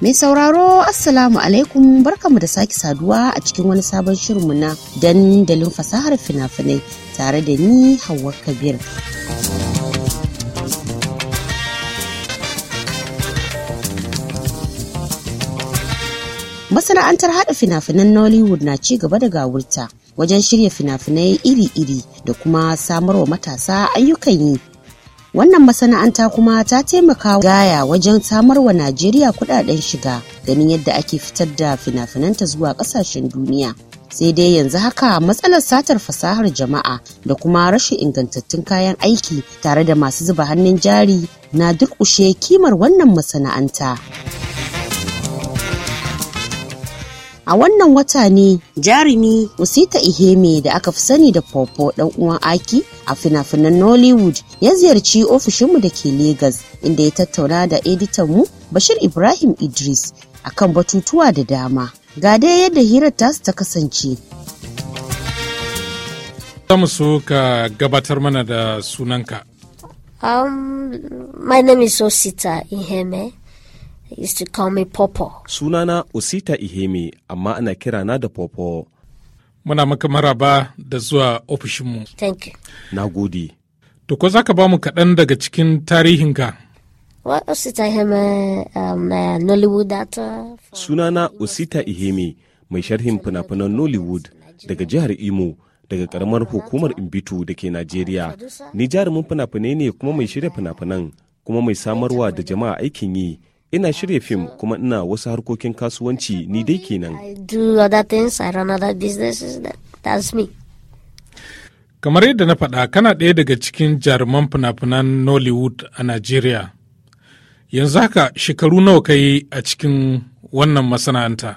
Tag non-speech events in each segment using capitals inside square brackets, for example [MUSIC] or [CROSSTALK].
Mai sauraro Assalamu alaikum barkamu da sake saduwa a cikin wani sabon shirinmu na dandalin fasahar fina-finai tare da ni Hauwa Kabir. Masana'antar haɗa fina-finan Nollywood na ci gaba da gawurta wajen shirya fina-finai iri-iri da kuma samarwa matasa ayyukan yi Wannan masana'anta kuma ta taimaka gaya wajen samarwa Najeriya kudaden shiga ganin yadda ake fitar da fina-finanta zuwa kasashen duniya. Sai dai yanzu haka matsalar satar fasahar jama'a da kuma rashin ingantattun kayan aiki tare da masu zuba hannun jari na durƙushe kimar wannan masana'anta. A wannan wata ne jarumi Musita Iheme da aka fi sani da Popo dan uwan Aki a fina-finan Nollywood ya ziyarci ofishinmu da ke Legas inda ya tattauna da editanmu Bashir Ibrahim Idris akan batutuwa da dama. Ga dai yadda hirar tasu ta kasance. Zamu so ka gabatar mana da sunanka. Um, my name is Osita Iheme. They used to call me Popo. Sunana Usita Iheme amma ana kira na da Popo. Muna maka maraba da zuwa ofishinmu. Thank you. Na gode. To ko za ka ba mu kaɗan daga cikin tarihinka? What Usita Iheme, um, Sunana Usita Iheme, mai sharhin fina-finan Nollywood daga jihar Imo. daga karamar hukumar imbitu da ke najeriya ni jarumin fina-finai ne kuma mai shirya fina-finan kuma mai samarwa da jama'a aikin yi ina shirya fim kuma ina wasu harkokin kasuwanci ni dai kenan kamar yadda na faɗa kana ɗaya daga cikin jaruman fina-finan nollywood a nigeria yanzu haka shekaru nawa kai a cikin wannan masana'anta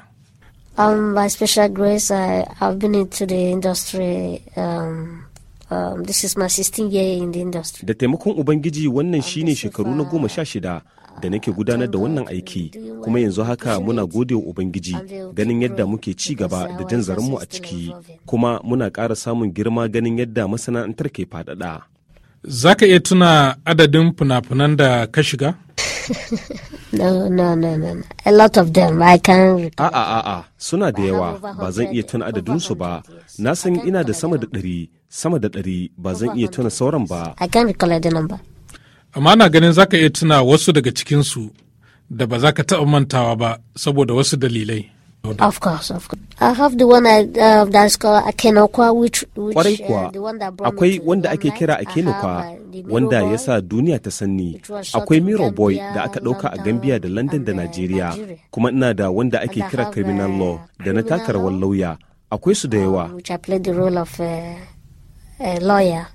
um, by special grace I, have been into the industry um, um, this is my 16 year in the industry da taimakon ubangiji wannan shine shekaru na goma sha shida da nake gudanar da wannan aiki kuma yanzu haka muna gode wa ubangiji ganin yadda muke ci gaba da jan zaranmu a ciki kuma muna kara samun girma ganin yadda masana'antar ke faɗaɗa. za ka iya tuna adadin fina-finan da ka shiga? [LAUGHS] no, no, A suna da yawa ba zan iya tuna adadinsu ba. Na san ina da sama da ɗari, sama da ɗari ba zan iya tuna sauran ba. I can amma na ganin za ka iya tuna wasu daga cikinsu da ba za ka taɓa mantawa ba saboda wasu dalilai. Of course, of course. I have the one I, uh, that's called Akenokwa, which, which Kwarai uh, kuwa, uh, akwai wanda ake kira Akenokwa uh, wanda ya sa duniya ta sanni. Akwai Miro Boy da aka ɗauka a Gambia da uh, London da Najeriya, kuma ina da wanda ake kira Criminal Law da na takarwar lauya. Akwai su da um, yawa. Which I played the role of uh, a lawyer.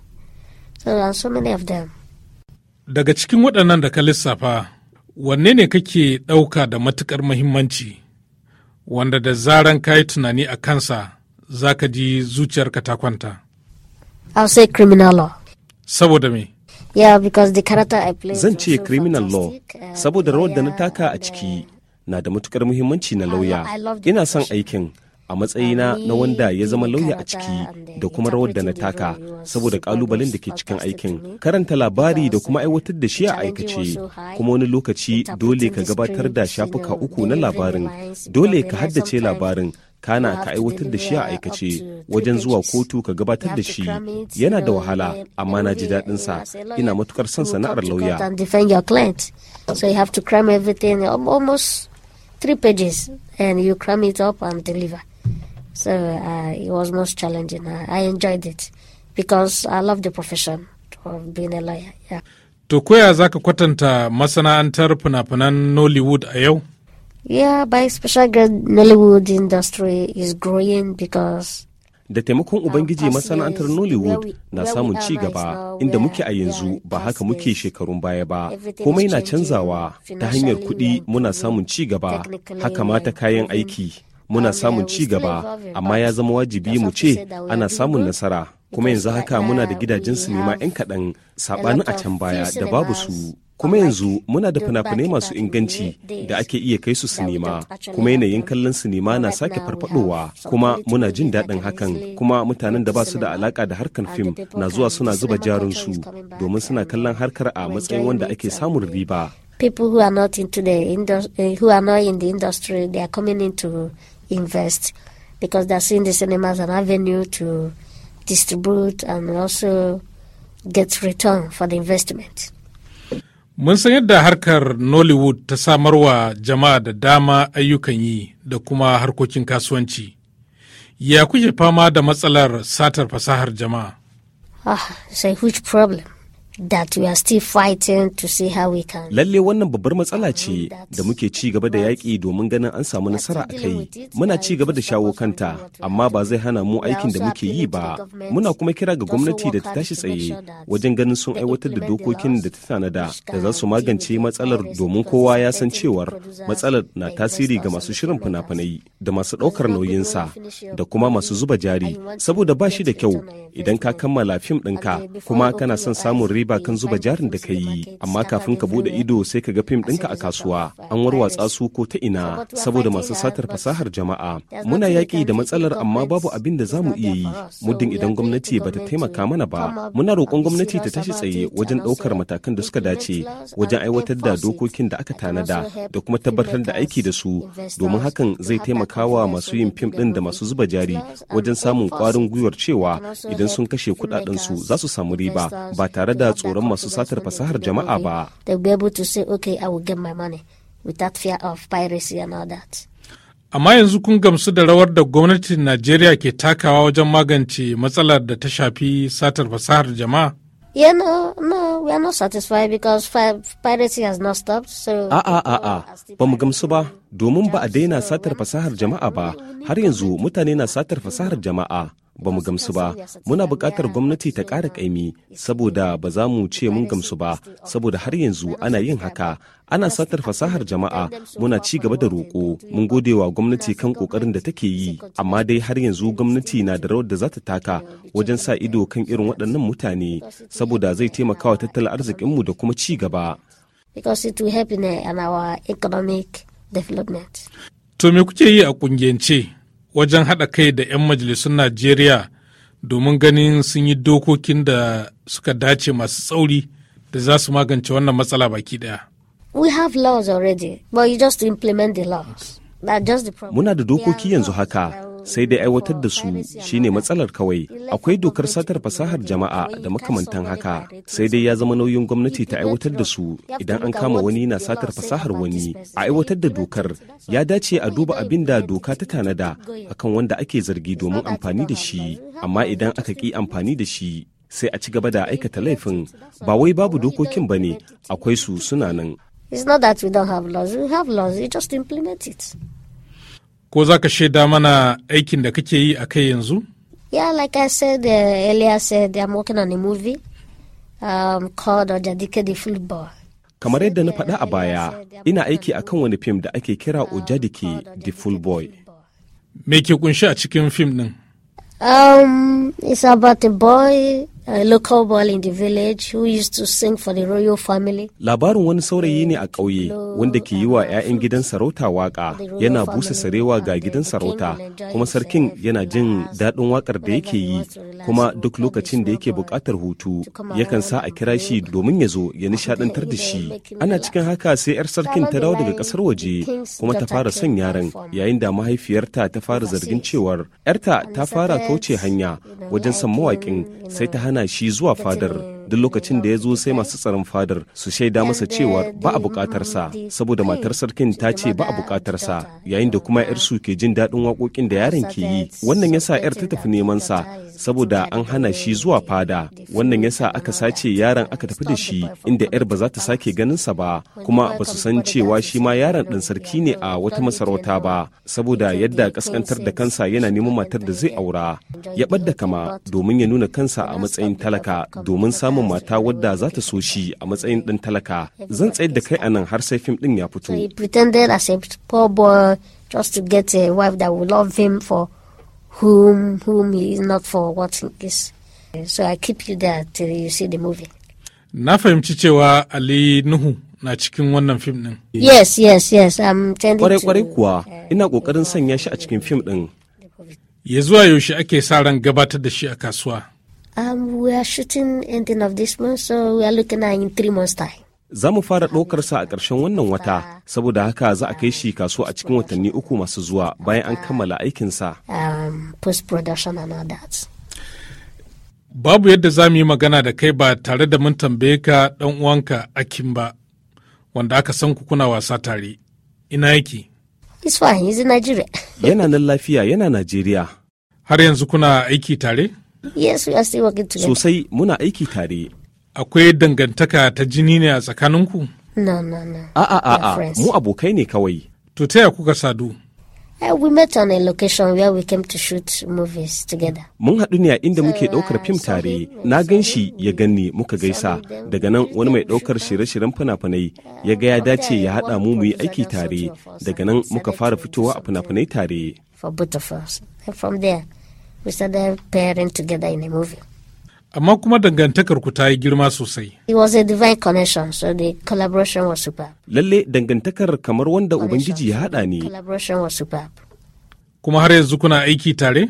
So there are so many of them. Daga cikin waɗannan da ka lissafa, wanne ne kake ɗauka da matuƙar muhimmanci, wanda da zaran ka yi tunani a kansa za ka ji zuciyarka ta kwanta? I'll say criminal law. Saboda me? Zan ce criminal law, uh, saboda rawar da na taka a ciki na da matukar muhimmanci na lauya. Ina son aikin. a matsayina na wanda ya zama lauya a ciki da kuma rawar da na taka saboda kalubalen da ke cikin aikin karanta labari da kuma aiwatar da shi a aikace kuma wani lokaci dole ka gabatar da shafuka uku na labarin dole ka haddace labarin kana ka aiwatar da shi a aikace wajen zuwa kotu ka gabatar da shi yana da wahala amma na ji daɗin sa ina matukar son sana'ar lauya three pages and you cram it up and deliver So uh, it was most challenging. I enjoyed it because I love the profession of being a lawyer. Yeah. To koya za ka kwatanta masana'antar fina-finan Nollywood a yau? Yeah, by special grade Nollywood industry is growing because da taimakon ubangiji masana'antar nollywood na samun ci gaba inda muke a yanzu ba haka muke shekarun baya ba komai na canzawa ta hanyar kuɗi muna samun ci gaba haka ma kayan aiki muna samun ci gaba amma ya zama wajibi mu ce ana samun nasara kuma yanzu haka muna da uh, gidajen sinima 'yan kaɗan saɓanin a can baya da babu su kuma yanzu muna da fina-finai masu inganci da ake iya kai su sinima kuma yanayin kallon sinima na sake farfadowa kuma muna jin daɗin hakan kuma mutanen da ba su da alaka da harkar fim na zuwa suna zuba jarun su domin suna kallon harkar a matsayin wanda ake samun riba people who are not into the eh, in the industry, are coming into invest because they're seeing the cinema as an avenue to distribute and also get return for the investment. Mun san yadda harkar Nollywood ta samarwa jama'a da dama ayyukan yi da kuma harkokin kasuwanci. Ya kuke fama da matsalar satar fasahar jama'a? Ah, it's a huge problem. that we are still fighting to see how we can. Lalle wannan babbar matsala ce da muke ci gaba da yaki domin ganin an samu nasara a kai. Muna ci gaba da shawo kanta, amma ba zai hana mu aikin da muke yi ba. Muna kuma kira ga gwamnati da ta tashi tsaye wajen ganin sun aiwatar da dokokin da ta tanada da za su magance matsalar domin kowa ya san cewar matsalar na tasiri ga masu shirin fina-finai da masu ɗaukar nauyinsa da kuma masu zuba jari saboda ba shi da kyau idan ka kammala fim ɗinka kuma kana son samun riba ba kan zuba jarin da ka yi amma kafin ka bude ido sai ka ga fim ɗinka a kasuwa an warwatsa su ko ta ina saboda masu satar fasahar jama'a muna yaki da matsalar amma babu abin da za mu iya yi muddin idan gwamnati ba ta taimaka mana ba muna roƙon gwamnati ta tashi tsaye wajen ɗaukar matakan da suka dace wajen aiwatar da dokokin da aka tanada da kuma tabbatar da aiki da su domin hakan zai taimaka wa masu yin fim ɗin da masu zuba jari wajen samun ƙwarin gwiwar cewa idan sun kashe kuɗaɗensu za su samu riba ba tare da tsoron masu satar fasahar jama'a ba. Amma yanzu kun gamsu da rawar da gwamnatin Najeriya ke takawa wajen magance matsalar da ta shafi satar fasahar jama'a? a'a a'a, ba mu gamsu ba, domin ba a daina satar fasahar jama'a ba, har yanzu mutane na satar fasahar jama'a. ba mu gamsu ba muna buƙatar gwamnati ta ƙara ƙaimi saboda ba za mu ce mun gamsu ba saboda har yanzu ana yin haka ana satar fasahar jama'a muna ci gaba da roƙo mun gode wa gwamnati kan ƙoƙarin da take yi amma dai har yanzu gwamnati na da rawar da za ta taka wajen sa ido kan irin waɗannan mutane saboda zai taimakawa tattalin arzikinmu da kuma ci gaba. Because it will help economic development. To kuke yi a kungiyance wajen haɗa kai da 'yan majalisun najeriya domin ganin sun yi dokokin da suka dace masu tsauri da za su magance wannan matsala baki daya. We have laws already, but you just implement the laws. Muna da dokoki yanzu haka, sai dai aiwatar da su shine matsalar kawai akwai dokar satar fasahar jama'a da makamantan haka sai dai ya zama nauyin gwamnati ta aiwatar da su idan an kama wani na satar fasahar wani a aiwatar da dokar ya dace a duba abin da doka ta tanada akan wanda ake zargi domin amfani da shi amma idan aka ki amfani da shi sai a ci gaba da aikata laifin ba wai babu dokokin ba ne akwai su suna nan It's not that we don't have laws, we have laws, we just implement it. Ko za ka shaida mana aikin da kake yi a kai yanzu? Yeah, like I said uh, earlier, said I'm working on a movie um, called Ojadike the Football. Kamar yadda na faɗa a baya, ina aiki a kan wani fim da ake kira Ojadike the full boy. Me ke kunshi a cikin fim ɗin? Um, it's about a boy local boy in the village who used to sing for the family. Labarin wani saurayi ne a ƙauye wanda ke yi wa 'ya'yan gidan sarauta waƙa yana busa sarewa ga gidan sarauta kuma sarkin yana jin daɗin waƙar da yake yi kuma duk lokacin da yake buƙatar hutu yakan sa a kira shi domin ya zo ya nishaɗantar da shi. Ana cikin haka sai 'yar sarkin ta dawo daga ƙasar waje kuma ta fara son yaron yayin da mahaifiyarta ta fara zargin cewar 'yarta ta fara kauce hanya wajen son mawaƙin sai ta hana hana shi zuwa fadar duk lokacin da ya zo sai masu tsaron fadar su shaida masa cewa ba a bukatarsa saboda matar sarkin ta ce ba a bukatarsa yayin da kuma 'yarsu ke jin daɗin waƙoƙin da yaron ke yi wannan yasa 'yar ta tafi neman sa saboda an hana shi zuwa fada wannan yasa aka sace yaron aka tafi da shi inda yar ba za ta sake sa ba kuma ba su san cewa shi ma yaron ɗan sarki ne a wata masarauta ba saboda yadda kaskantar da kansa yana neman matar da zai aura ya ɓadda kama domin ya nuna kansa a matsayin talaka domin samun mata wadda za ta so shi a matsayin ɗan talaka zan tsayar da kai anan har sai fim ɗin ya fito. Just to get a wife that will love him for whom whom he is not for what he is. So I keep you there till you see the movie. Na fahimci cewa Ali Nuhu na cikin wannan fim din. Yes, yes, yes, I'm tending kwarai, kwarai kuwa uh, ina ƙoƙarin sanya shi a cikin fim din. Ya zuwa yaushe ake sa ran gabatar da shi a kasuwa? Um, we are shooting ending of this month, so we are looking at in three months time. za mu fara ɗaukarsa a ƙarshen wannan wata saboda haka za a kai shi kaso a cikin watanni uku masu zuwa bayan an kammala aikinsa. Um, Babu yadda za mu yi magana da kai ba tare da mun tambaye ka ɗan uwanka Akin ba, wanda aka san ku kuna wasa tare. Ina yake? [LAUGHS] Yana nan lafiya yana Najeriya. Har yanzu kuna aiki tare? Yes, we are still working together. Sosai muna aiki tare. akwai dangantaka ta jini ne a tsakaninku? No, no, no. A'a, a'a, mu abokai ne kawai. To ta kuka sadu? Eh, we met on a location where we came to shoot movies together. Mun haɗu ne a inda muke ɗaukar fim tare, na gan shi ya ganni muka gaisa, daga nan wani mai ɗaukar shirye-shiryen fina-finai ya ga ya dace ya haɗa mu muyi aiki tare, daga nan muka fara fitowa a fina-finai tare. For both of us. amma kuma dangantakar ku ta yi girma sosai. It was divine connection, so the Lalle dangantakar kamar wanda Ubangiji ya haɗa ne. Kuma har yanzu kuna aiki tare?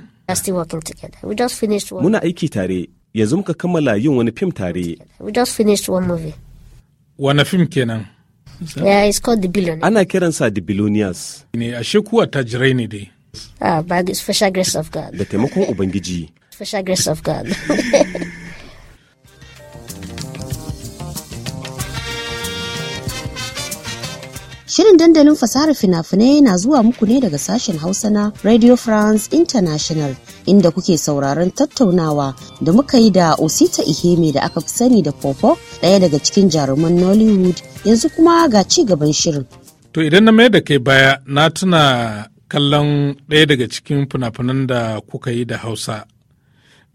Muna aiki tare, yanzu muka kammala yin wani fim tare. We just fim kenan? Ana kiransa The Billionaires. Ne, ashe kuwa tajirai ne dai. Ah, of God. Da taimakon Ubangiji. special grace of God. [LAUGHS] Shirin dandalin fasahar fina-finai na zuwa muku ne daga sashen Hausa na Radio France International inda kuke sauraron tattaunawa da muka yi da Osita Iheme da aka fi sani da Popo ɗaya daga cikin jaruman Nollywood yanzu kuma ga ci gaban shirin. To idan na mai da kai baya na tuna kallon ɗaya daga cikin fina-finan da kuka yi da Hausa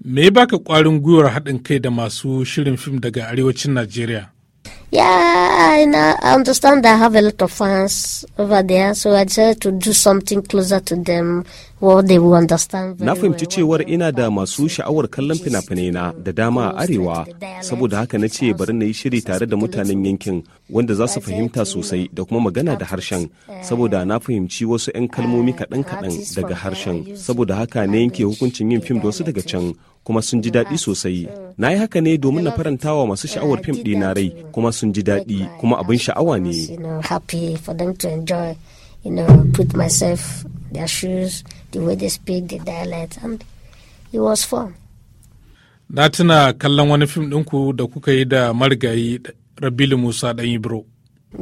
Me baka kwarin gwiwar haɗin kai da masu shirin fim daga arewacin Najeriya? Yeah, I, know, I understand I have a lot of fans over there, so I decided to do something closer to them Na fahimci cewar ina da masu sha'awar kallon fina-finai na da dama a arewa, saboda haka na ce bari na yi shiri tare da mutanen yankin wanda za su fahimta sosai da kuma magana da harshen, saboda na fahimci wasu 'yan kalmomi kaɗan-kaɗan daga harshen, saboda haka na yanke hukuncin yin fim da wasu daga can. kuma sun ji daɗi sosai na yi haka ne domin na faranta wa masu sha'awar fim ɗina rai kuma sun ji daɗi kuma abin sha'awa ne their shoes, the way they speak, the dialect, and it was fun. Na tuna kallon wani fim ɗinku da kuka yi da marigayi Rabilu Musa ɗan Ibro.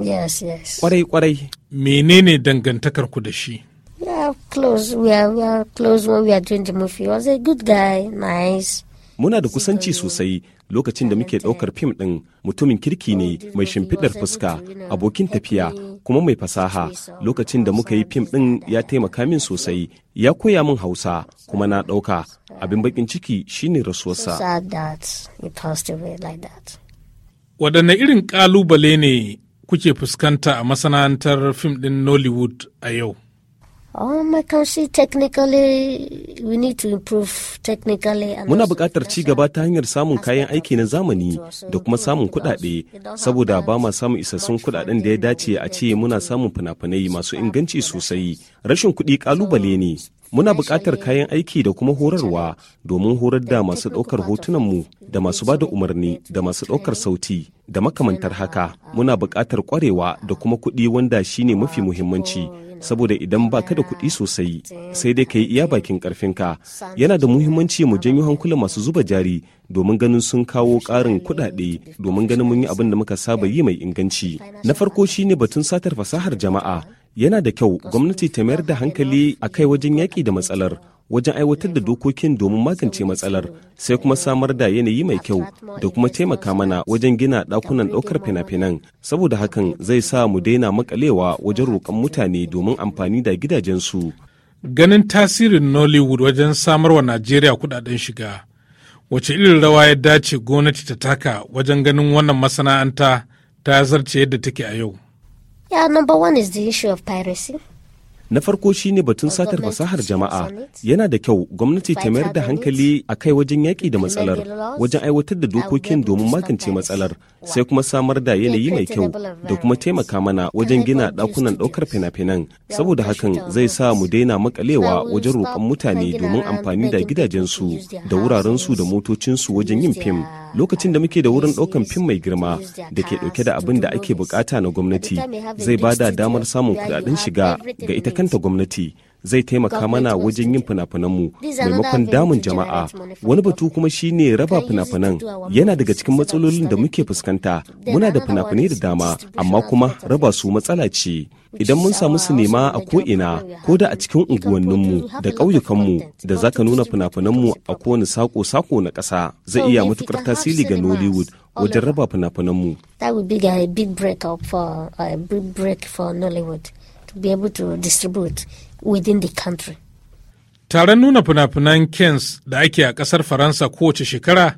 Yes, yes. Kwarai, kwarai. Menene ku da shi? We are close. We are, we are close when we are doing the movie. He was a good guy, nice. Muna da kusanci sosai lokacin da muke ɗaukar fim ɗin mutumin kirki ne mai shimfiɗar fuska, abokin tafiya, kuma mai fasaha lokacin da muka yi fim ɗin ya taimaka min sosai ya koya min hausa kuma na ɗauka abin bakin ciki shine rasuwarsa waɗanne irin ƙalubale ne kuke fuskanta a masana'antar fim ɗin nollywood a yau Oh muna buƙatar ci gaba ta hanyar samun kayan aiki na zamani da kuma samun kuɗaɗe saboda ba ma samun isassun kuɗaɗen da ya dace a ce muna samun fina-finai masu inganci sosai rashin kuɗi ƙalubale ne muna buƙatar kayan aiki da kuma horarwa domin horar da masu ɗaukar hotunanmu da masu ba da umarni da masu ɗaukar sauti da makamantar haka muna buƙatar ƙwarewa da kuma kuɗi wanda shine mafi muhimmanci saboda idan ba ka da kuɗi sosai sai dai ka yi iya bakin ƙarfinka yana da muhimmanci mu janyo hankula masu zuba jari domin ganin sun kawo ƙarin kuɗaɗe domin ganin mun yi abin da muka saba yi mai inganci na farko shine batun satar fasahar jama'a yana da kyau gwamnati ta mayar da hankali a kai wajen yaƙi da matsalar wajen aiwatar da dokokin domin magance matsalar sai kuma samar da yanayi mai kyau da kuma taimaka mana wajen gina ɗakunan ɗaukar fina-finan saboda hakan zai sa mu daina makalewa wajen roƙon mutane domin amfani da gidajensu ganin tasirin nollywood wajen samarwa najeriya kudaden shiga wace irin rawa ya dace gwamnati ta taka wajen ganin wannan masana'anta ta zarce yadda take a yau Yeah, number one is the issue of piracy. na farko shi ne batun satar fasahar jama'a yana da kyau gwamnati ta mayar da hankali a kai wajen yaƙi da matsalar wajen aiwatar da dokokin domin magance matsalar sai kuma samar da yanayi mai kyau da kuma taimaka mana wajen gina ɗakunan ɗaukar fina-finan saboda hakan zai sa mu daina makalewa wajen roƙon mutane domin amfani da gidajensu da wurarensu da motocinsu wajen yin fim lokacin da muke da wurin ɗaukan fim mai girma da ke ɗauke da abin da ake bukata na gwamnati zai ba da damar samun kudaden shiga ga ita kanta gwamnati zai taimaka mana wajen yin fina-finanmu maimakon damun jama'a wani batu kuma shine raba fina-finan yana daga cikin matsalolin da muke fuskanta muna da fina-finai da dama amma kuma raba su matsala ce idan mun samu nema a ko'ina ko da a cikin unguwanninmu da ƙauyukanmu da za ka nuna fina-finanmu a kowane sako-sako na ƙasa zai iya matukar tasiri ga nollywood wajen raba fina-finanmu taron nuna fina-finan kens da ake a ƙasar faransa kowace shekara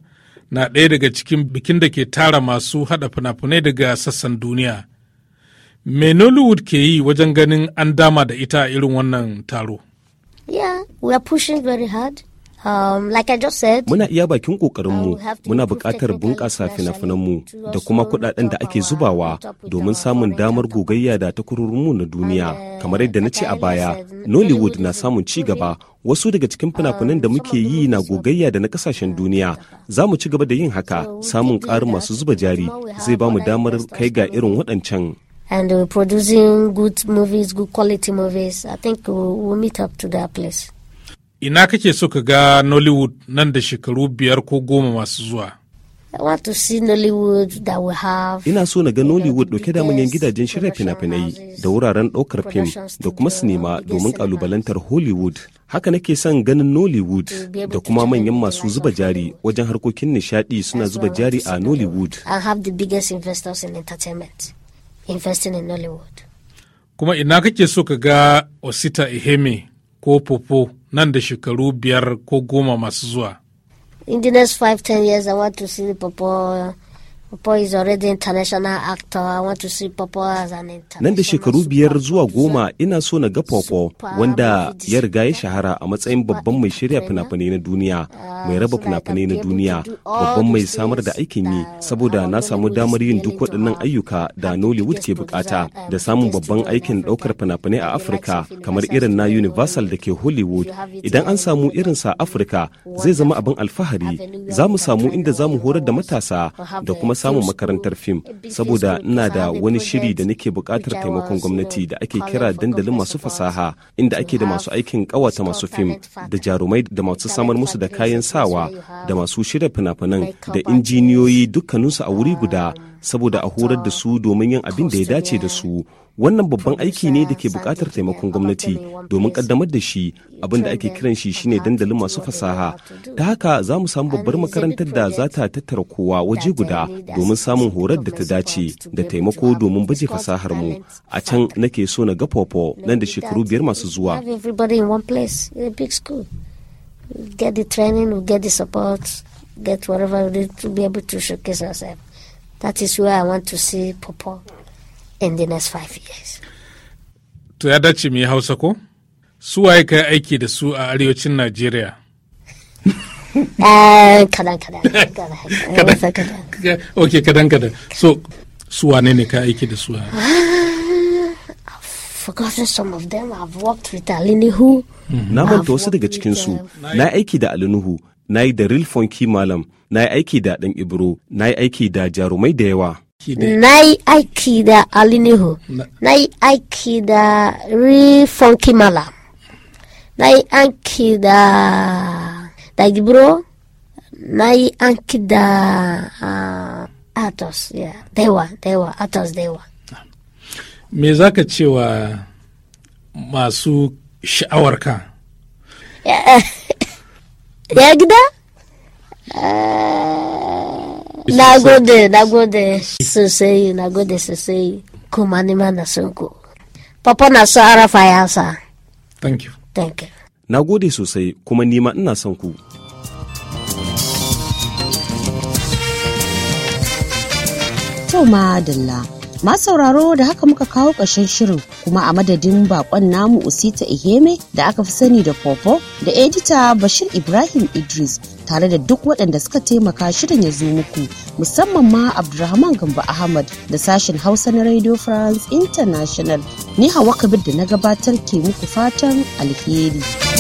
na ɗaya daga cikin bikin da ke tara masu haɗa fina-finai daga sassan duniya Me Nollywood ke yi wajen ganin an dama da ita a irin wannan taro? Yeah, we are pushing very hard. Um, like I just said, muna iya bakin mu uh, muna bukatar bunƙasa fina-finanmu da kuma kuɗaɗen da ake zubawa domin samun damar gogayya da takwarorinmu na duniya. Uh, Kamar yadda na ce a baya, Nollywood na samun ci gaba wasu daga cikin uh, fina-finan da muke yi na gogayya da na kasashen duniya. Za mu ci gaba da yin haka, samun ƙarin masu zuba jari zai ba mu damar kai ga irin waɗancan. and uh, producing good movies, good quality movies. I think we'll, we'll meet up to that place. Ina kake so ka ga Nollywood nan da shekaru biyar ko goma masu zuwa? I want to see Nollywood that we have. Ina so na ga Nollywood dauke da manyan gidajen shirya fina-finai da wuraren ɗaukar fim da kuma sinima domin ƙalubalantar Hollywood. Haka nake son ganin Nollywood da kuma manyan masu zuba jari wajen harkokin nishaɗi suna zuba jari a Nollywood. I have the biggest investors in entertainment. investing in Nollywood. Kuma ina kake so ka ga Osita Iheme ko Popo nan da shekaru biyar ko goma masu zuwa? In the next five, ten years, I want to see Popo Nan da shekaru biyar zuwa goma ina so na ga popo wanda ya riga ya shahara a matsayin babban mai shirya fina-finai na duniya, uh, mai raba fina-finai na duniya, babban mai samar da aikin yi saboda na samu damar yin duk waɗannan ayyuka da Nollywood ke bukata da samun babban aikin ɗaukar fina-finai a Afirka kamar irin na Universal da ke Hollywood. Idan an samu irinsa a Afirka zai zama abin alfahari. Za mu samu inda za mu horar da matasa da kuma samun makarantar fim saboda ina da wani shiri da nake buƙatar taimakon gwamnati da ake kira dandalin masu fasaha inda ake da masu aikin ƙawata masu fim da jarumai da masu samar musu da kayan sawa da masu shirya fina-finan da injiniyoyi dukkaninsu a wuri guda saboda a horar da su domin yin abin da ya dace da su wannan babban aiki ne da ke buƙatar taimakon gwamnati domin ƙaddamar da shi abin da ake kiran shi shine dandalin masu fasaha ta haka za mu samu babbar makarantar da za ta tattara kowa waje guda domin samun horar da ta dace da taimako domin baje fasahar mu a can nake so na ga popo nan da shekaru biyar masu zuwa that is where i want to see popo in the next five years. To ya dace mu yi Hausa ko? Su waye kai aiki da su a arewacin Najeriya? [LAUGHS] Eh, kadan kadan. [LAUGHS] [LAUGHS] Ok kadan kadan. So su wane ne ka aiki da su a? Ah, forgotten some of them. I've worked with Na manta wasu daga cikinsu. Uh, na aiki da Alinuhu, na yi da Real Funky Malam, na yi aiki da Dan Ibro, na yi aiki da Jarumai da yawa. na yi aiki da alinihu na yi aiki da rifonki mala na yi aiki da da na yi aiki da uh, atos daiwa daiwa atos daiwa me za ka cewa masu sha'awarka ya [COUGHS] gida uh, Na gode, na gode sosai, na gode sosai kuma nima na sunku. Papa na son arafa ya sa. Thank you. Thank you. Na gode sosai kuma nima ina son ku. To Ma sauraro da haka muka kawo ƙarshen shirin kuma a madadin bakon namu Usita Iheme da aka fi sani da Popo da edita Bashir Ibrahim Idris tare da duk waɗanda suka taimaka shirin ya zo muku musamman ma Abdulrahman Gamba Ahmad da sashen Hausa na Radio France International. Ni Hawa Kabir da na gabatar ke muku fatan alheri.